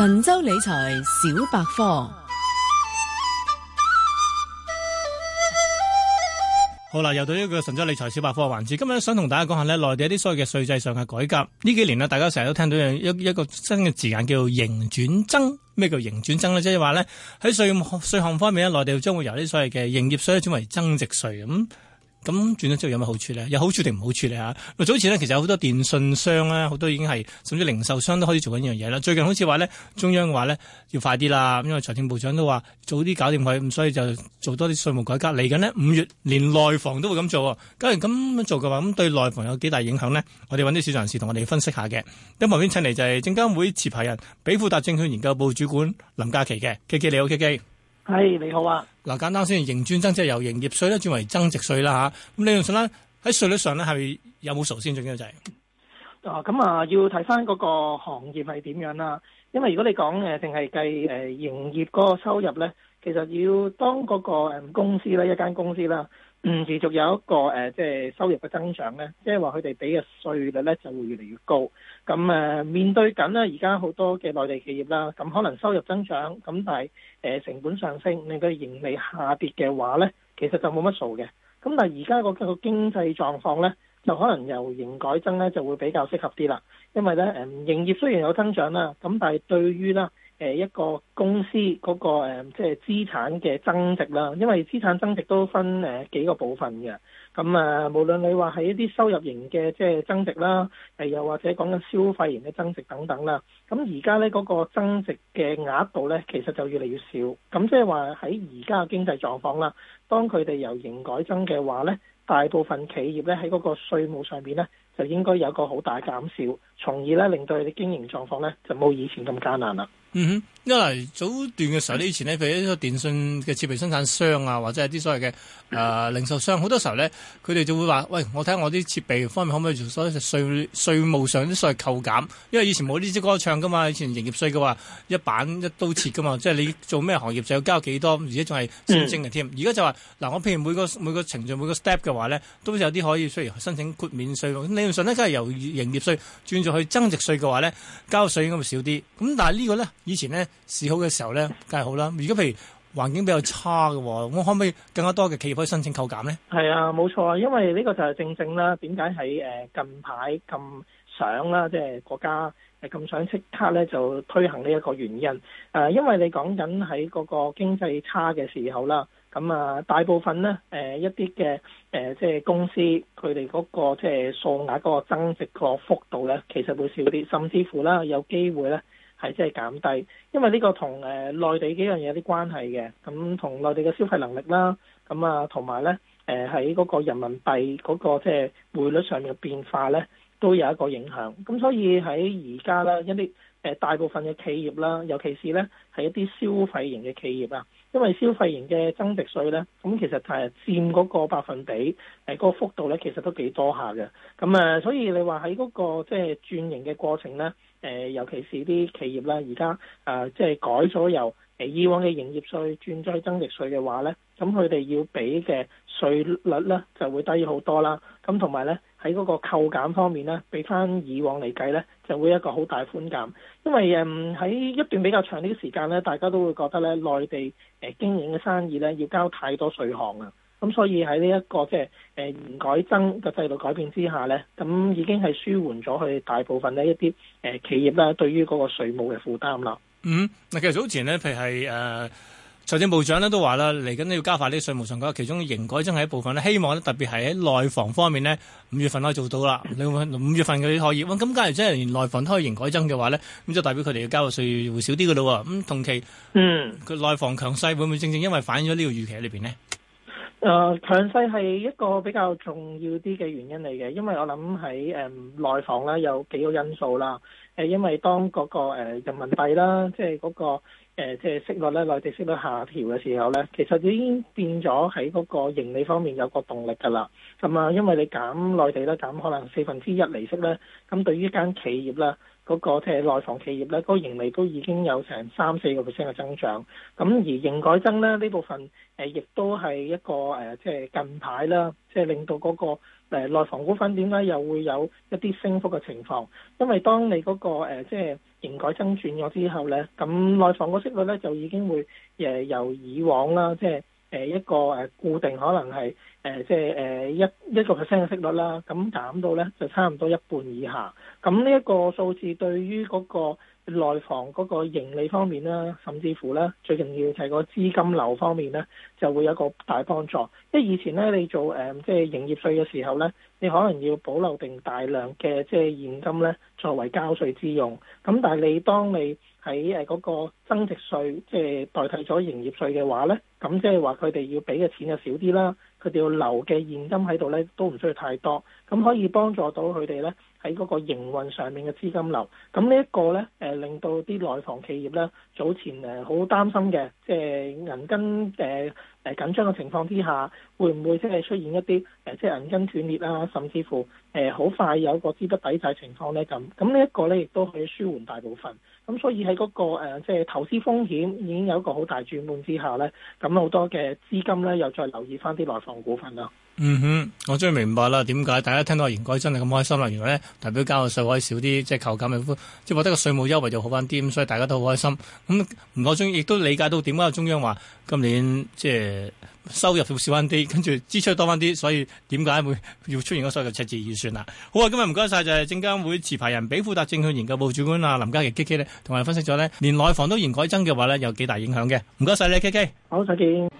神州理財小百科。好啦，又到一個神州理財小百科環節。今日想同大家講下呢，內地一啲所謂嘅稅制上嘅改革。呢幾年呢，大家成日都聽到一一個新嘅字眼，叫營轉增。咩叫營轉增呢？即係話呢，喺稅稅項方面呢，內地將會由啲所謂嘅營業稅轉為增值稅咁。咁轉咗之後有乜好處咧？有好處定唔好處理？嚇？早前咧，其實有好多電信商咧，好多已經係甚至零售商都開始做緊呢樣嘢啦。最近好似話呢，中央話呢要快啲啦，因為財政部長都話早啲搞掂佢，咁所以就做多啲稅務改革。嚟緊呢，五月連內房都會咁做，假如咁樣做嘅話，咁對內房有幾大影響呢？我哋揾啲市場人士同我哋分析下嘅。咁旁邊請嚟就係證監會持牌人比富達證券研究部主管林嘉麒嘅，K K 你好，K K。係、hey, 你好啊，嗱，簡單先，營轉增即係由營業稅咧轉為增值稅啦吓，咁理論上咧喺稅率上咧係有冇數先最緊要就係，啊，咁啊要睇翻嗰個行業係點樣啦，因為如果你講誒淨係計誒營業嗰個收入咧。其實要當嗰個公司咧，一間公司啦，嗯，持續有一個誒即係收入嘅增長咧，即係話佢哋俾嘅稅率咧就會越嚟越高。咁誒、呃、面對緊咧而家好多嘅內地企業啦，咁可能收入增長，咁但係誒成本上升，令佢盈利下跌嘅話咧，其實就冇乜數嘅。咁但係而家個個經濟狀況咧，就可能由營改增咧就會比較適合啲啦，因為咧誒、呃、營業雖然有增長啦，咁但係對於咧。誒一個公司嗰個誒，即係資產嘅增值啦。因為資產增值都分誒幾個部分嘅。咁啊，無論你話喺一啲收入型嘅即係增值啦，誒又或者講緊消費型嘅增值等等啦。咁而家咧嗰個增值嘅額度咧，其實就越嚟越少。咁即係話喺而家嘅經濟狀況啦，當佢哋由營改增嘅話咧，大部分企業咧喺嗰個稅務上邊咧，就應該有個好大減少，從而咧令到佢哋經營狀況咧就冇以前咁艱難啦。嗯哼，因為早段嘅時候呢，以前呢，譬如啲個電信嘅設備生產商啊，或者係啲所謂嘅誒、呃、零售商，好多時候呢，佢哋就會話，喂，我睇下我啲設備方面可唔可以做所謂稅，稅務上啲所謂扣減，因為以前冇呢支歌唱㗎嘛，以前營業稅嘅話一版一刀切㗎嘛， 即係你做咩行業就要交幾多，而且仲係先徵嘅添。而家就話嗱，我譬如每個每個程序每個 step 嘅話呢，都有啲可以雖申請豁免稅㗎。咁理論上呢，梗係由營業稅轉咗去增值稅嘅話呢，交稅應該會少啲。咁但係呢個呢。以前呢，市好嘅時候呢，梗係好啦。如果譬如環境比較差嘅，我可唔可以更加多嘅企業可以申請扣減呢？係啊，冇錯啊，因為呢個就係正正啦。點解喺誒近排咁想啦，即係國家咁想即刻呢，就推行呢一個原因？誒，因為你講緊喺嗰個經濟差嘅時候啦，咁啊大部分呢，誒一啲嘅誒即係公司佢哋嗰個即係數額嗰個增值個幅度呢，其實會少啲，甚至乎啦有機會呢。係即係減低，因為呢個同誒內地幾樣嘢有啲關係嘅，咁同內地嘅消費能力啦，咁啊同埋咧誒喺嗰個人民幣嗰個即係匯率上面嘅變化咧，都有一個影響。咁所以喺而家啦，一啲。誒大部分嘅企業啦，尤其是呢係一啲消費型嘅企業啊，因為消費型嘅增值稅呢，咁其實係佔嗰個百分比，誒、嗰個幅度呢，其實都幾多下嘅。咁啊，所以你話喺嗰個即係、就是、轉型嘅過程呢，誒尤其是啲企業啦，而家啊即係改咗由誒以往嘅營業稅轉咗去增值稅嘅話呢，咁佢哋要俾嘅稅率呢，就會低好多啦。咁同埋呢。喺嗰個扣減方面咧，比翻以往嚟計咧，就會一個好大寬減。因為誒喺、嗯、一段比較長啲時間咧，大家都會覺得咧，內地誒、呃、經營嘅生意咧，要交太多稅項啊。咁所以喺呢一個即係誒營改增嘅制度改變之下咧，咁已經係舒緩咗佢大部分咧一啲誒、呃、企業啦，對於嗰個稅務嘅負擔啦。嗯，嗱其實早前咧，譬如係誒。呃財政部長咧都話啦，嚟緊都要加快啲稅務上改，其中營改增係一部分咧。希望咧特別係喺內房方面咧，五月份可以做到啦。五月份嘅可以，咁假如真係連內房都可以營改增嘅話咧，咁就代表佢哋嘅交嘅稅會少啲嘅咯喎。咁同期，嗯，佢內房強勢會唔會正正因為反映咗呢個預期喺裏邊咧？誒，強勢係一個比較重要啲嘅原因嚟嘅，因為我諗喺誒內房咧有幾個因素啦。誒，因為當嗰個誒人民幣啦，即係嗰個。誒即係息率咧，內地息率下調嘅時候咧，其實已經變咗喺嗰個盈利方面有個動力噶啦。咁啊，因為你減內地咧，減可能四分之一利息咧，咁對於一間企業咧。嗰個即係內房企業咧，嗰、那個、盈利都已經有成三四個 percent 嘅增長。咁而營改增咧呢部分誒，亦都係一個誒，即、呃、係、就是、近排啦，即係令到嗰個誒內、呃、房股份點解又會有一啲升幅嘅情況？因為當你嗰、那個即係營改增轉咗之後咧，咁、呃、內房個息率咧就已經會誒由以往啦，即係誒一個誒固定可能係。誒，即係誒一一個 percent 嘅息率啦，咁減到咧就差唔多一半以下。咁呢一個數字對於嗰個內房嗰個盈利方面啦，甚至乎咧，最重要就係個資金流方面咧，就會有一個大幫助。因為以前咧，你做誒即係營業稅嘅時候咧，你可能要保留定大量嘅即係現金咧，作為交稅之用。咁但係你當你喺誒嗰個增值稅即係、就是、代替咗營業稅嘅話咧，咁即係話佢哋要俾嘅錢就少啲啦。佢哋要留嘅現金喺度咧，都唔需要太多，咁可以幫助到佢哋咧。喺嗰個營運上面嘅資金流，咁呢一個呢，誒令到啲內房企業呢，早前誒好擔心嘅，即係銀根誒誒緊張嘅情況之下，會唔會即係出現一啲誒即係銀根斷裂啊，甚至乎誒好快有個資不抵債情況呢？咁，咁呢一個呢，亦都可以舒緩大部分，咁所以喺嗰個誒即係投資風險已經有一個好大轉換之下呢，咁好多嘅資金呢，又再留意翻啲內房股份啦。嗯哼，我終於明白啦，點解大家聽到營改增真係咁開心啦？原來咧，代表交嘅稅可以少啲，即係扣減咪即係獲得個稅務優惠就好翻啲，咁所以大家都好開心。咁、嗯、唔我中亦都理解到點解中央話今年即係收入少翻啲，跟住支出多翻啲，所以點解會要出現個所謂赤字預算啦？好啊，今日唔該晒，就係證監會持牌人比富達證券研究部主管啊林嘉麒 K K 呢，同我哋分析咗呢，連內房都營改增嘅話呢，有幾大影響嘅。唔該晒你 K K，好，再見。